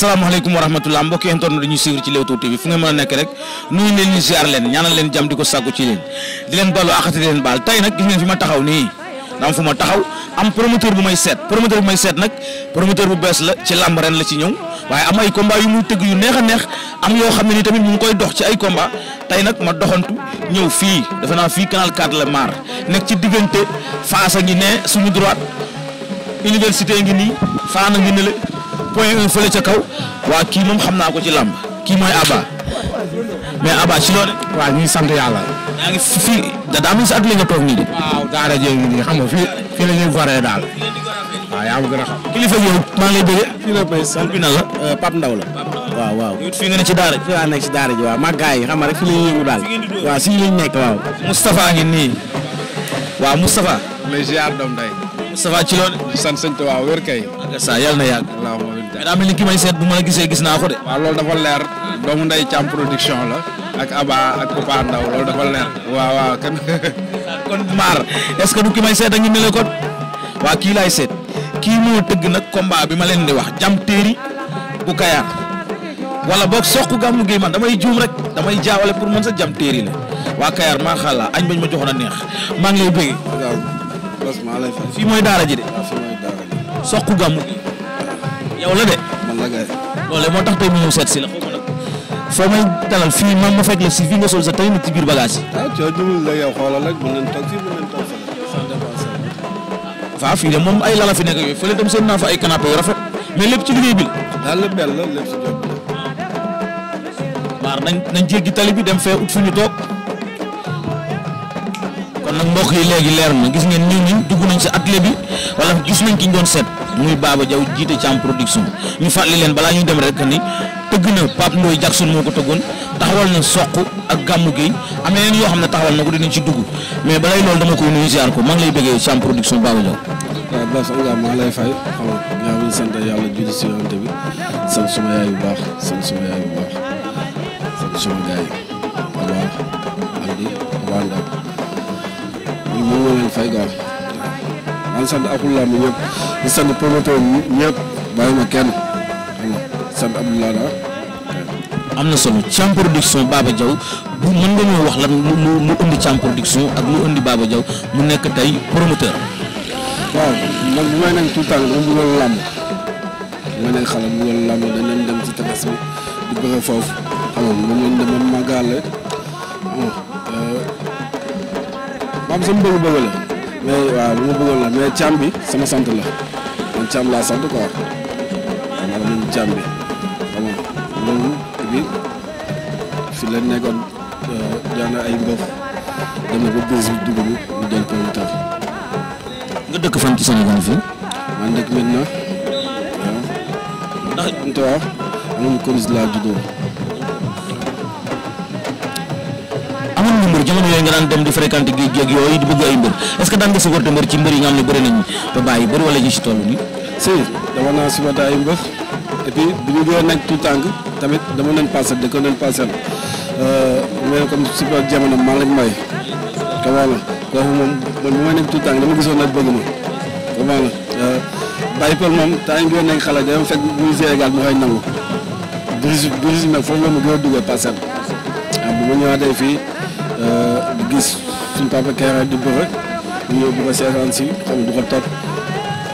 asalaamaaleykum wa rahmatulah mbokki internet dañuy suivre ci Leewtoo TV fu ngeen mën a nekk rek nuyu leen ñu ziar leen ñaanal leen jàmm di ko sàkku ci leen di leen balu àqati di leen baal tey nag gis ngeen fi ma taxaw nii dama fu ma taxaw am promoteur bu may seet promoteur bu may seet nag promoteur bu bees la ci làmb ren la ci ñëw waaye am ay combat yu muy tëgg yu neex a neex am yoo xam ne ni tamit mu ngi koy dox ci ay combat tey nag ma doxantu ñëw fii defe naa fii canal 4 la maar nekk ci diggante Fass a ngi ne suñu droite université ngi nii Fana point 1 fële ca kaw waa kii moom xam naa ko ci làmb kii mooy Abba mais Abba ci loolu. waaw ñu sant yàlla. yaa ngi fi da daa mel si at li nga toog nii de. waaw fii fii la ñuy goree daal. waaw yaa ma gën a maa ngi lay bëgg. fii la may euh, Ndaw la. waaw waaw. fii nga ne ci daara ji. fii laa nekk ci daara ji mag gars yi xam nga rek fii la ñuy yëngu daal. waaw si lañ nekk waaw. Moustapha ngi nii. waa Moustapha. lay ziar doom day. Moustapha ci loolu. sant sëñ Tuubaa wér kay. ak sa na yàgg. mais daa mel ki may seet bu ma gisee gis naa ko de. waaw loolu dafa leer doomu nday càmm production la ak Aba ak Papa Ndaw loolu dafa leer. waaw waaw kan kon maar est-ce que du ki may seet a ngi ne la kon waa kii laay seet kii moo tëgg nag combat bi ma leen di wax jam téeri bu kayaar wala boog soq gàmmu gi man damay juum rek damay jaawale pour mën sa jam téeri la waa kayaar maa xala añ bañ ma joxoon na neex maa ngi lay bëgg. waaw bas fii mooy daara ji de. soq gàmmu gi. yow la de. man moo tax tey mu ñëw seet si la xaw ma nag foo may man ma fekk la si fii nga sol sa tey ci biir bagage yi. ah coono jublu la yow xoolal rek mën nañ toog moom ay lala fi nekk yooyu dem seen naa ay canapé yu rafet mais lépp ci liggéey bi la. daal lépp benn la lépp si nañ nañ jéggi tali bi dem fee ut fu nag mbokk yi léegi leer na gis ngeen ñun ñun dugg nañ si atelier bi wala gis nañ ki doon seet. muy Baba jaw jiite Thiam production ñu fàttali leen balaa ñu dem rek ni tëgg na Pape Ndoye Jackson moo ko tëggoon taxawal na soq ak gàmmu géey am na yoo xam ne taxawal na ko dinañ ci dugg mais balay loolu dama koy nuyu ziar ko maa lay bëggee Thiam production Baba Diaw. waaw Ba Sow maa ngi lay fay xam nga yaa ngi sant yàlla julli si yonent bi sant suma yaay bu baax fay gaaw. di sant Abdoulaye mi ñëpp di sant promoteur yi ñëpp bàyyi ma kenn sant Abdoulaye ah. am na solo Thiam production Baba Diaw bu wax lan lu lu indi production ak lu indi Baba mu nekk tey promoteur. waaw man bu may nekk tout le temps dama bëggoon làmb bu may xale bu bëggoon làmb danañ dem ci tefes bi di bëgg foofu xam nga moom lañ dem Magal la bon maam euh, sama bëgg-bëgg la. mais waaw lu ma bëggoon la mais Thiam bi sama sant la man Thiam laa sant quoi xam nga nga moom bi fi la nekkoon euh, jàng ay mbëf dem na ba bés ko mu tax. nga dëkk fan ci Sénégal fii. man dëkk maintenant waaw. ndax. laa juddoo. bëgg mbër jamono yooyu nga daan dem di fréquenté géej yooyu di bëgg ay mbër est que daan nga supporté mbër ci mbër yi nga xam ne bëri nañu ba bàyyi bëri wala ji si toll nii. si dama naa supporté ay mbër et ko leen passé euh, mais comme support jamono maa lañ may xamaa la kooku moom man bu may nekk tout tànk ma xamaa la euh, bàyyi pël moom temps yi ñu doon nekk xale dama fekk muy Sénégal mu xëy nangu brise brise nag foofu la ma gën a duggee passé ah bu ma fii Euh, gis suñ papa Kera di bërëg si xam du ko topp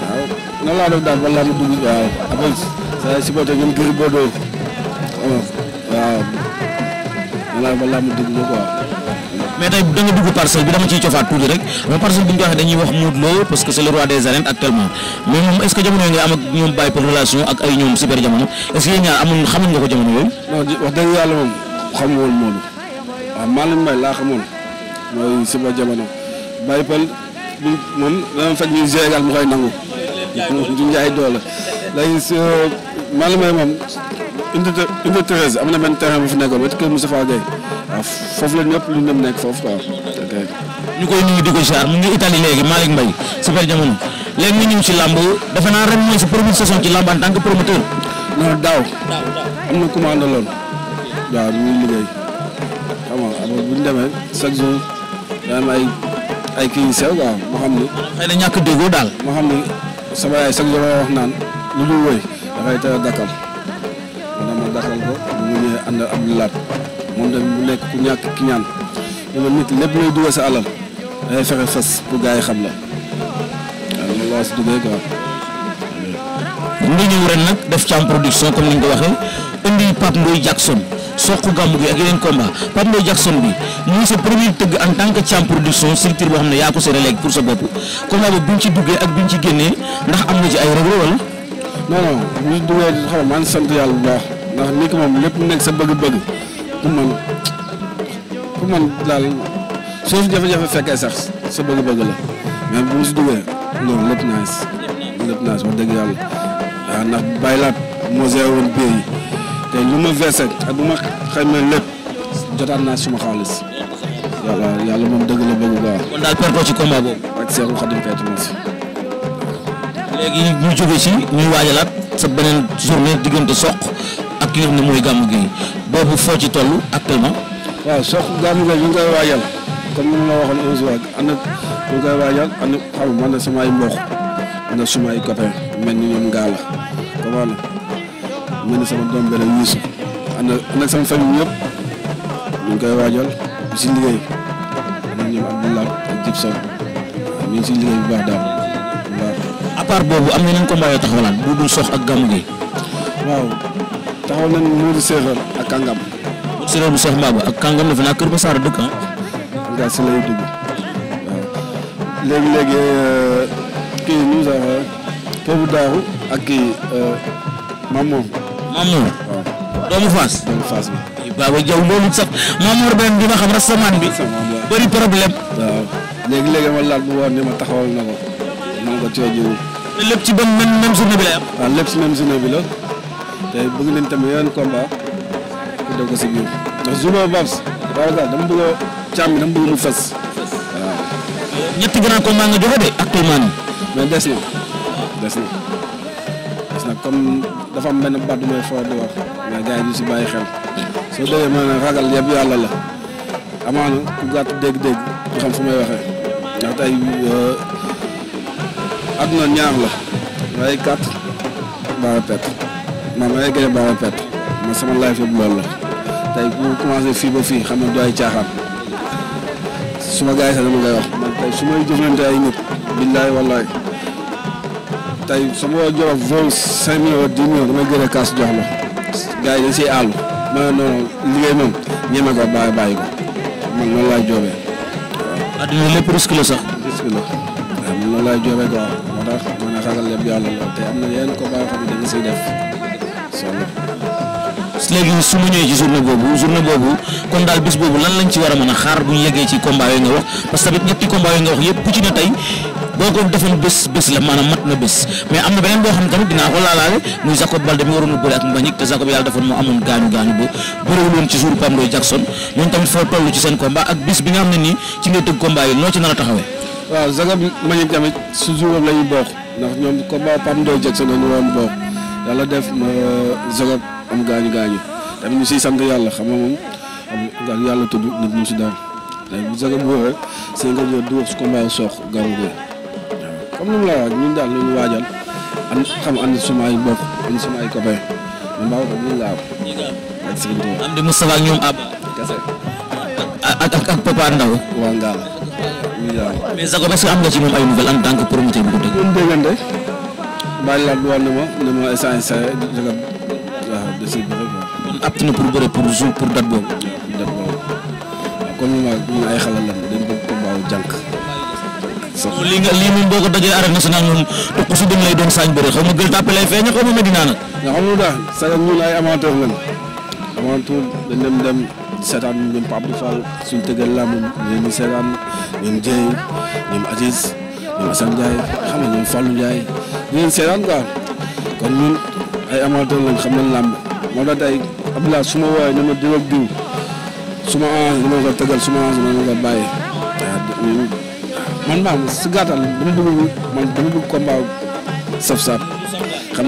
waaw nan laa def daal ba laa ma dugg waaw après saa supporté ñoom Gris Bordeaux waaw nan laa ba laa ma dugg quoi. mais tey da nga dugg bi dama ciy cofaat tuuti rek mais parcelle bi ñu ko dañuy wax Modou Lo parce que c'est le roi des arènes actuellement mais moom est-ce que jamono yi nga am ak ñoom bàyyi pour relation ak ay ñoom super jamono est-ce que yéen ñaar amul xamuñ nga ko jamono yooyu. wax dëgg yàlla moom xamu woon Modou waaw Malick Mbaye laa xamoon mooy suba jamono Baye Pall moom dama fekk ñu Sénégal mu nangu. du njaay doole léegi su euh, Malick Mbaye moom unité am na benn terrain bu fi nekkoon ba ci kër Moustapha Gueye waaw foofu la lu ñu dem nekk foofu quoi. ñu koy nuyu di ko jaar mu ngi Italie léegi Malick Mbaye super jamono léegi ñu ñëw ci làmb defe naa ren mooy ci làmb en tant que promoteur. non daaw. am na commande lool waaw ñu liggéey. bu ñu demee chaque jour kii yu sew waaw moo xam ni. xëy na ñàkk déggoo daal. moo xam ni sama yaay chaque jour ma wax naan lu dul wëy dafay teel a dakkal maanaam ma bu mu nekk ku ñàkk ki ñaan dama nit lépp luy dugal sa alal day fexe fas pour gars yi xam la waaw loolu laa si duggee quoi. mu ngi ñëw ren nag def Thiam production comme ni nga ko waxee indi Pape Ndoye Jackson. soqu gàmmu gi ak yeneen combat Pape Ndoye Jackson bi muy sa premier tëgg en tant que Thiam production structure boo xam ne yaa ko seere léegi pour sa bopp combat boobu bi ñu ci duggee ndax am na ci ay regret wala. non non ñu duggee xam nga man sant yàlla bu baax ndax nit ki nekk sa bëgg-bëgg pour man pour man daal soo fi jafe-jafe fekkee sax sa bëgg-bëgg la mais bu mu si duggee non lépp naaj lépp naaj wax dëgg yàlla waaw ah, ndax bàyyi laat moo seewoon biir yi. te lu ma ak bu ma xamee lépp jotaat suma xaalis yàlla yàlla moom dëgg la bëgg quoi. kon daal perte ko ci combat boobu. si. léegi ñu jóge ci ñuy waajalaat sa beneen journée diggante soq ak ki nga xam mooy gàmmu gi boobu foo ci toll actuellement. waaw soq gàmmu gi ñu ngi koy waajal comme ni ma la waxoon un jour ak ànd ñu ngi koy waajal ànd xam man na sama ay mbokk am na suma ay mel ni ñoom ngaa la comment ma ne sama doom bi rek Yuusu ànd ak sama famille yëpp ñu ngi koy waajal di si liggéey ñun ñoom Abdoulaye ak Djib Sow ñu ngi si liggéey bu baax daal waaw. à boobu am na yeneen combat yoo taxawalaan bu dul sox ak gàmmu gi. waaw taxaw nañ Modou Séeréer ak Kangam. Modou bu Sox Mbaba ak Kangam dafa naa Kër Masar dëkk ah. gars si léegi léegi euh, kii nu mu sax Pogba Daaw ak kii euh, Mamoom. Mamour. waaw doomu Fass. doomu Fass bi. Baba Diaw loolu sax Mamour benn bi ma xam rastaman bi. bëri problème. waaw léegi léegi ma laal bu woon ne ma taxawal na ko. man ko coow jiwu. te lépp ci ban même même journée bi lay am. waaw ah, lépp ci même journée bi la. te bëgg nañ tamit yeneen combat. pour def ko si biir. ndax journée Babs. waaw dama bëgg a càmm dama bëgg mu fas. waaw. ñetti grand combat nga joxe de actuellement nii. mais des na des na des na comme. dafa am benn baat bu may foo di wax mais gars yi ñu si bàyyi xel soo déggee maanaam ragal yëpp yàlla la amaana ku gàtt dégg-dégg du xam fu may waxee ndax tey euh, àdduna ñaar la waaye gàtt baara pet ma a baara pet sama life yëpp loolu la tey bu commencé fii ba fii xam nga du ay caaxaan su ma gars yi sax dama koy wax su may jëflante ay nit billaay wallaay tey su ma jorof vingt cinq millions wala dix a kaas jox la gars yi dañ siy àll ma ne non liggéey moom ñeme ko bàyyi bàyyi ko man noonu laay joobee. waaw adduna lépp risque la sax. risque la waaw man noonu laay joobee quoi moo tax ma ne ragal yàlla la te am na yenn combat yoo xam ne dañu siy def soxla. léegi su ma ñëwee ci journée boobu journée boobu kon daal bis boobu lan lañ ci war a mën a xaar bu ñu yeggee ci combat yooyu nga wax parce que tamit ñetti combat nga wax yëpp ku ci ne tey. boo ko defal bés bés la maanaam mat na bés mais am na beneen boo xam tamit dinaa ko laalaale muy Jacob Baldé mi waroon a bëri ak Mbagnick te Jacob yàlla a taxawee. waaw Jacob la ñu bokk ndax ñoom combat la ñu def ma Jacob am gaañu gaañu tamit ñu siy sant yàlla xam nga moom am yàlla tudd nit ñu si daal léegi bu Jacob wóoree seen comme ni mu lay wax ñun daal lu ñu waajal am xam ànd suma ay bopp ànd suma ay copain man baaxul ko ñun laaw. ak sëñ bi am di Moustapha ak ñoom ak ak Ndaw. waa Ngalla. mais Zago est am nga ci moom ay nouvelle en tant que promoteur bu ko dégg. ñun déggante bàyyi laa doon na ma ne ma instant instant eh, di nga waaw de si bëri quoi. kon apte na pour bëre pour jour pour date boobu. date ay xelal lan dañ baaw jànk. lii nga lii moom boo ko dajee arène nationale moom topp su dem lay doon saañ bëri xaw ma gël tàppe lay feeña xaw ma Medina nag. nga xam lu daal sax ñun ay amateur lañ avant tout dañ dem dem seetaan ñoom Pape Fall suñ ñu seetaan ñoom Dieye ñoom Aziz ñoom Assane Ndiaye xam nga ñoom Fallou Ndiaye ñu leen seetaan ay amateur lañ xam nañ làmb moo tax tey Abdoulaye su ma woowee ñu ma diw ak diw su ma orange dama ko tëggal su ma man maam si gàttal dama bëgg man dama bëgg xam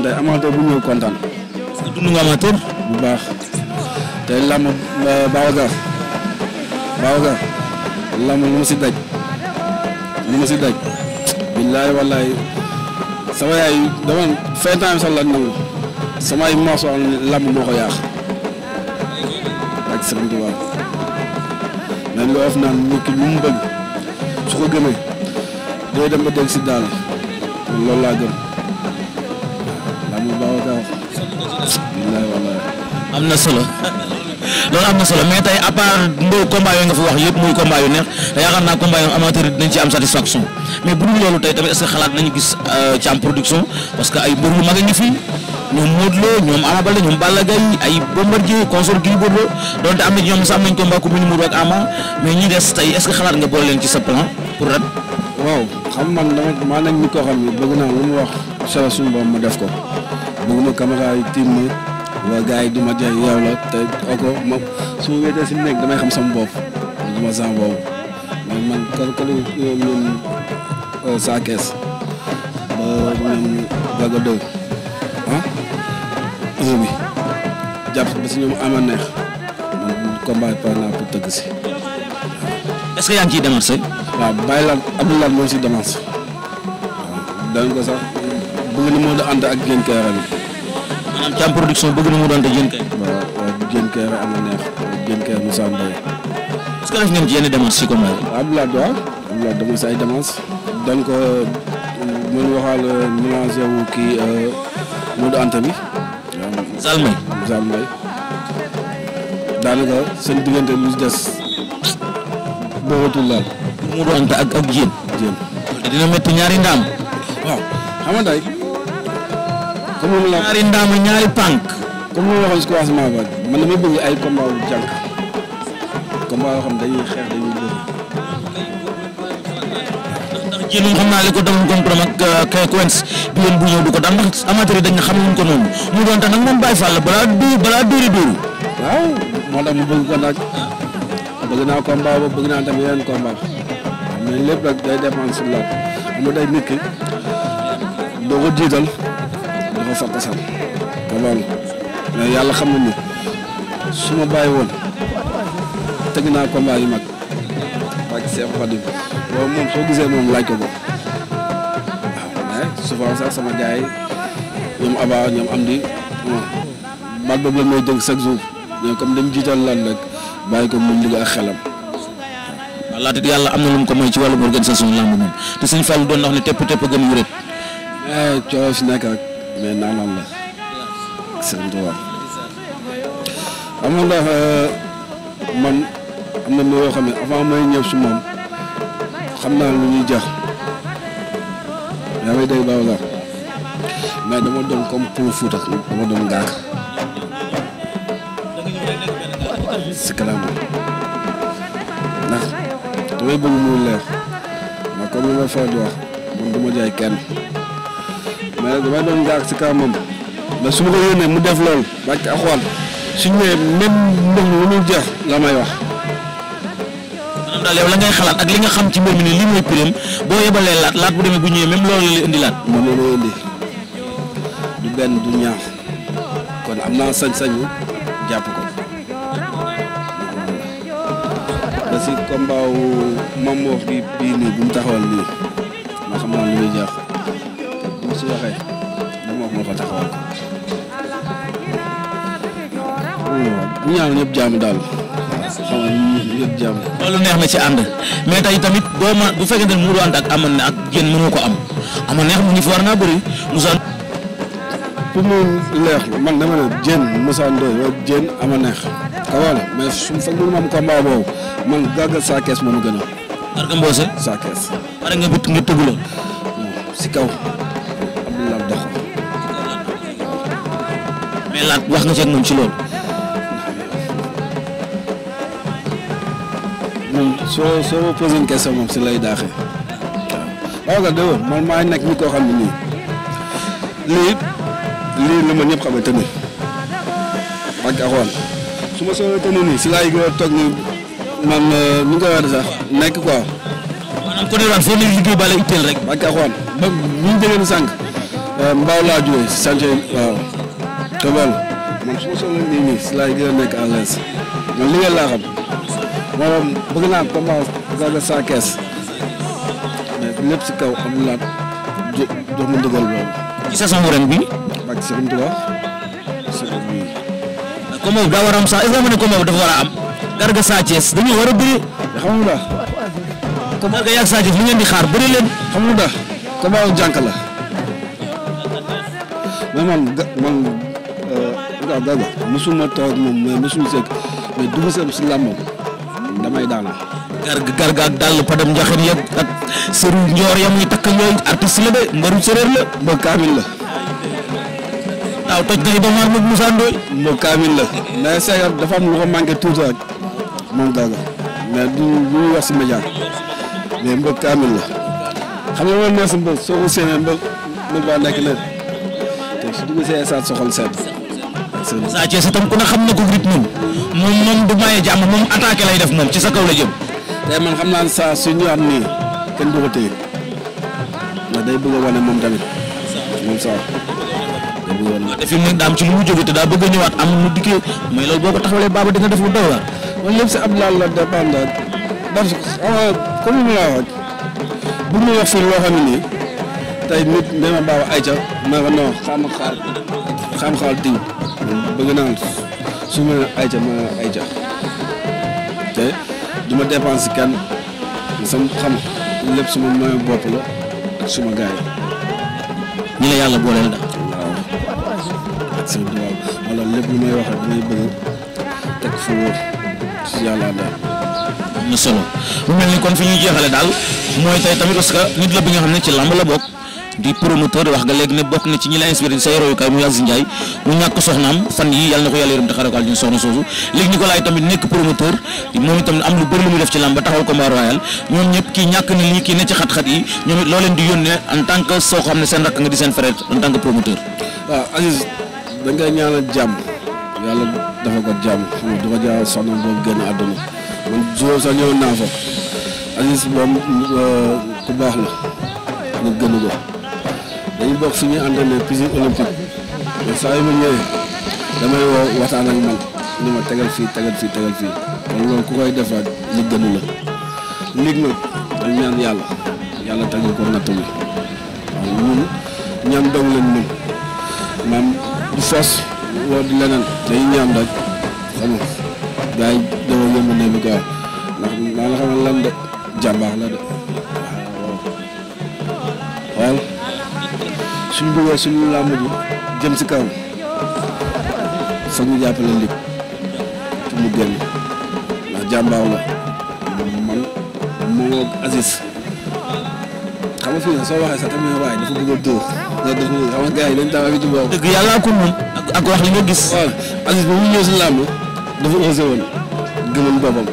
nga amateur bu ñëw kontaan. parce que dund bu baax te làmb Babacar Babacar làmb lu ma si daj lu ma si daj. billaay wallaay sama yaay dama fin temps sax la nangu samay morso làmb moo ko yaax ak sëriñ Tuubaa mais lu of naan nit mu bëgg. su ko gëmee day dem ba dégg si daal loolu laa gëm am na solo loolu am na solo mais tey à part ndoo yooyu nga fi wax yëpp muy combat yu neex te yaakaar naa combat yu amateur nañ ci am satisfaction mais bu dul loolu tey tamit est xalaat nañu gis ci euh, am production parce que ay mbër yu mag a ngi fi ñoom Modou Lo ñoom Ama Baldé ñoom Balla Gaye ay Bombardier consort Gris Bordeaux donte am na ñoom sax am nañ combat ku mel ni Modou ak Ama mais ñi des tey est-ce que xalaat nga boole leen sa plan pour ren. man dama maa nañ ñi ko xam ne bëgg lu mu wax sa suñu borom ma def ko bëgg ma caméra yi tiim ma waa yi duma jaay yow ma su ma wéetee si nekk damay xam sama bopp duma sama boobu man man kër kër ñoom saa kees ba ñoom Baga Dóor réew mi jàpp ba si ñoom ama neex man par naa pour tëgg si est ce ciy démarche. waaw bàyyi la Abdoulaye moo si ko sax bëgg na moo doon ànd ak Diène Kaïré bi. maanaam Thiam production bëgg si combat bi. Euh, mën waxaal mélanger wu kii euh, Modou bi. Zalmay Zalmay daanaka seen diggante lu des boobatul daal. mu doonte ak ak jéem. jéem te dina ñaari ndaam. waaw xam nga comme moom la ñaari ndaam ñaari pànk. comme moom la waxoon si commencement ba man ay combat wu jànk combat yoo xam dañuy xeex dañuy bëri. ci lu xam naa li ko demoon contre ak euh, Kay Queens bi yoon bu ñëw du ko daan ndax amateur yi dañ ne xamuñ ko noonu mu doon tax nag moom Baye Fall balaa du balaa dóori dóoru. moo tax mu bëgg ko nag bëgg naa combat ba bëgg naa tamit yeneen combat mais lépp rek day dépendre sur la am na day nit ki doo ko jiital dafa fàq sax te loolu yàlla xam na ni suma ma bàyyi woon teg naa combat yu mag waa ci Seex loolu moom soo gisee moom laaj ko moom waaw mais sax sama gars yi ñoom Aba ñoom am di baat boobu la may dégg chaque jour ñoom comme dañ jiital lan rek bàyyi ko moom liggéey ak xelam. waaw laata yàlla am na lu mu ko mooy ci wàllu organisation lamb moom te suñu fàllu doon wax ne tepp tepp gën yu rek. ah coono si nekk rek mais naanaan la sëñ Tuubaa amoon na eh, man am na loo xam ne avant may ñëw si moom. xam naa lu ñuy jax yaa ngi day baaw la mais dama si kanam ndax damay bëgg mu leer ma comme li ma faral di wax man mais damay doon ngaak si kanamam mais su ma ko yónnee mu def lool bàcc ak xool su ñëwee même ndox la may wax. dal yow la ngay xalaat ak li nga xam ci mbir mi ne lii mooy prime boo yebalee laat laat bu demee bu ñëwee même loolu la indi laat. moom la indi du benn du ñaar kon am naa sañ-sañu jàpp ko. ba si daal. yëpp loolu neex na ci ànd mais tey tamit boo ma bu fekkente ne Modou Anta ak amoon na ak yéen mënoo ko am ama neex mu ngi fi war naa bëri Moussa. pour man neex ah, mais su ma fekk mënu ma am combat boobu man gàggal saa kees moomu gën a. Garga Mbossé saa kees. nga bit tëgg la. si kaw. Abdoulaye mais laat wax nga ci ak moom ci loolu. moom soo soo ma posé moom si lay daaxee waaw. waaw dëgg man maa nekk ni koo xam ne nii lii lii la ma ñëpp xam ne tënnu ak axoon su ma soobee tënnu nii si laay gën a toog nii man euh, nu nga ko nekk quoi. maanaam côté Rane mbaaw laa jógee sant waaw te man su ma soobee nii nii si laay gën a nekk à man liggéey laa xam. maanaam bëgg naa combat Garga Sa Thiès mais lépp si kaw am laat jo jox ma ndigal loolu. ci saison ren bi. ak Serigne daa war am sax est-ce que mu ne combat bi war a am. Garga Sa Thiès dañuy war a bëri. xam nga comme Garga yaag Sa di xaar bëri leen. xam nga combat wu jànk la mais man ga man euh, Garga musuma toog moom mais musuma sekk mais dugg si am damay daanu. gar garga ak dàll padam njaxin ya ak sëru njoor ya muy takk yooyu artiste la de mbaru séréer la. mbokk kaamil la. daaw toj na domaar moom Moussa Ndoye. mbokk kaamil la. mais c'est dafa am lu ko manqué tuuti rek moom garga mais du du wax si média mais mbokk kaamil la xam nga loolu mooy si mbër soo ko séenee mbër mbër baa nekk na te su dugg see saat soxal seet. Sa Thiès itam ku ne xam na ko rythme moom moom moom du maye jàmm moom attaqué lay def moom ci sa kaw la jëm. tey man xam naa ne saa su ñëwaat nii kenn du ko téye ndax day bëgg a wane moom tamit moom saa day bëgg a wane. waaw te fi mu ne daa am ci lu mu jógee te daa bëgg a ñëwaat am lu dikkee mooy loolu boo ko taxawalee baaba dina def lu doy waar. loolu lépp si Abdoulaye la dépendre parce que ah, comme ni ma la waxee bu ñu wax fii loo xam nii tey nit dama baaw ayca ma ko xam xam xaar bëgg naa su ma nee ayca ma ne ayca te du ma dépense kenn sama xam lépp suma moyen bopp la ak suma gars ñu la yàlla booleel daal. waaw ak seen diwaan lépp lu may wax rek may bëgg teg fa wóor si yàlla daal. am na solo mu mel ni kon fi ñuy jeexale daal mooy tey tamit parce que nit la bi nga xam ne ci làmb la bokk. di promoteur wax nga léegi ne bokk na ci ñi la inspiré sa royukaay muy Aziz Ndiaye mu ñàkk soxnaam fan yi yàlla na ko yàlla yërëm te xare ko def ci làmb ba taxawal en tant que soo xam ne seen rakk nga di seen frère en tant que promoteur waaw ah, Aziz dañ koy ñaanal jàmm yàlla dafa ko jàmm xam nga du ko jaay sax ñëwoon moom euh, ku baax la nit gënu ko dañu bokk fi ñuy entraîné piscine olympique mais saa damay woo waxtaan ak man ni ma tegal fii tegal fii tegal fii kon loolu ku koy defaat li gënu la nit nag dañ ñaan yàlla yàlla teg ñu ko natt mi waaw ñun ñaan dong leen mën maam du fas woo di leneen dañuy ñaan rek xam nga gars yi dafa yëngu ne bi quoi ndax maa nga xam lan de jàmbaax la de waaw suñ bëggee suñu làmb ji jëm si kaw foog ñu jàppale ndig pour mu génn ndax jàmbaar la man moo Aziz xam nga fii soo waxee sax tamit waaye dafa bëgg a dóor nga def nii xam nga gars yi dañ taw dëgg yàlla ak moom ak wax li nga gis. waaw Aziz ba mu ñëw si làmb dafa osé woon gëmoon boppam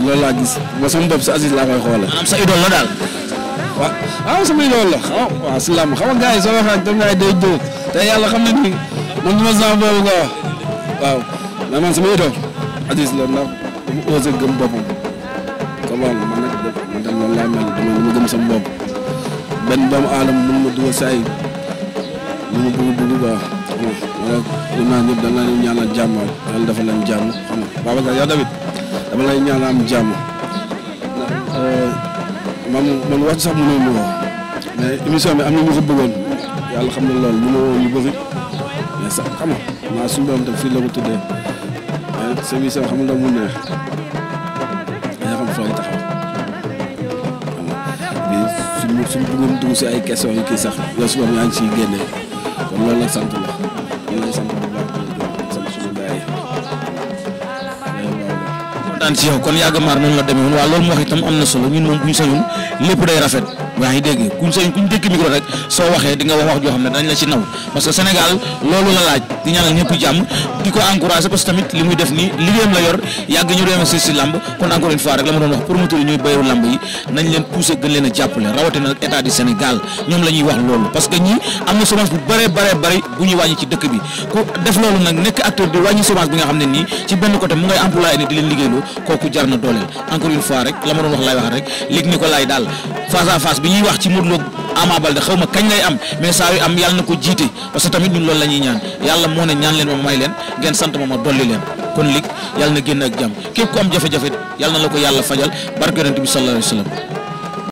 loolu laa gis ba sama bopp si Aziz laa koy xoolee. sa idole la daal. waaw waaw samay loolu la oh, waaw waaw soo waxee ak dañu day dóor te yàlla xam na ni man duma sens boobu nga wax waaw mais man samay itoo Aziz la ndax mu osé gëm boppam comment man nag man tam noonu laay mel dama dama gëm sama bopp benn doomu aadama mun ma dugal saa yi lu ma bëgg bëgg quoi xam nga ñun naa dafa leen jàmm xam am jàmm. man man wax sax mënoon na wax mais émission bi am na ñu ko bëggoon yàlla xam na loolu mënoo woon lu bëri mais sax xam nga maa suñu doon def fii la ko tuddee mais sa émission xam nga mu neex dañoo xam fooy taxaw xam nga mais suñu suñu bëggoon si ay questions yi kii sax yow suba yaa ngi ciy génne kon lool la sant la. kontaan ci kon yàgg maar noonu la demee woon loolu mu wax itam am na solo ñun moom kuñ sañul lépp day rafet yaa ngi kuñ sañul kuñ dégg micro rek soo waxee di wax wax joo xam ne dañ la ci naw parce que loolu la laaj di ñaanal ñëpp jàmm di ko encouragé parce tamit li muy def nii liggéeyam la yor yàgg ñu remercier si lamb kon encore une fois rek la ma doon wax promoteur yi ñuy bayu lamb yi nañ leen pousser gën leen a jàppale rawatina nag état du Sénégal ñoom la ñuy wax loolu parce ñi am na semence bu bëree bëree bëri bu ñuy wàññi ci dëkk bi ku def loolu nag nekk acteur di wàññi semence bi nga xam ne nii ci benn côté mu ngay employé ni di leen liggéeyloo kooku jar na dooleel ngeen sant ma ma dolli leen kon lig yàlla na génn ak jàmm képp ko am jafe-jafe yàlla la ko yàlla fajal barke yonent bi sallallahu alayhi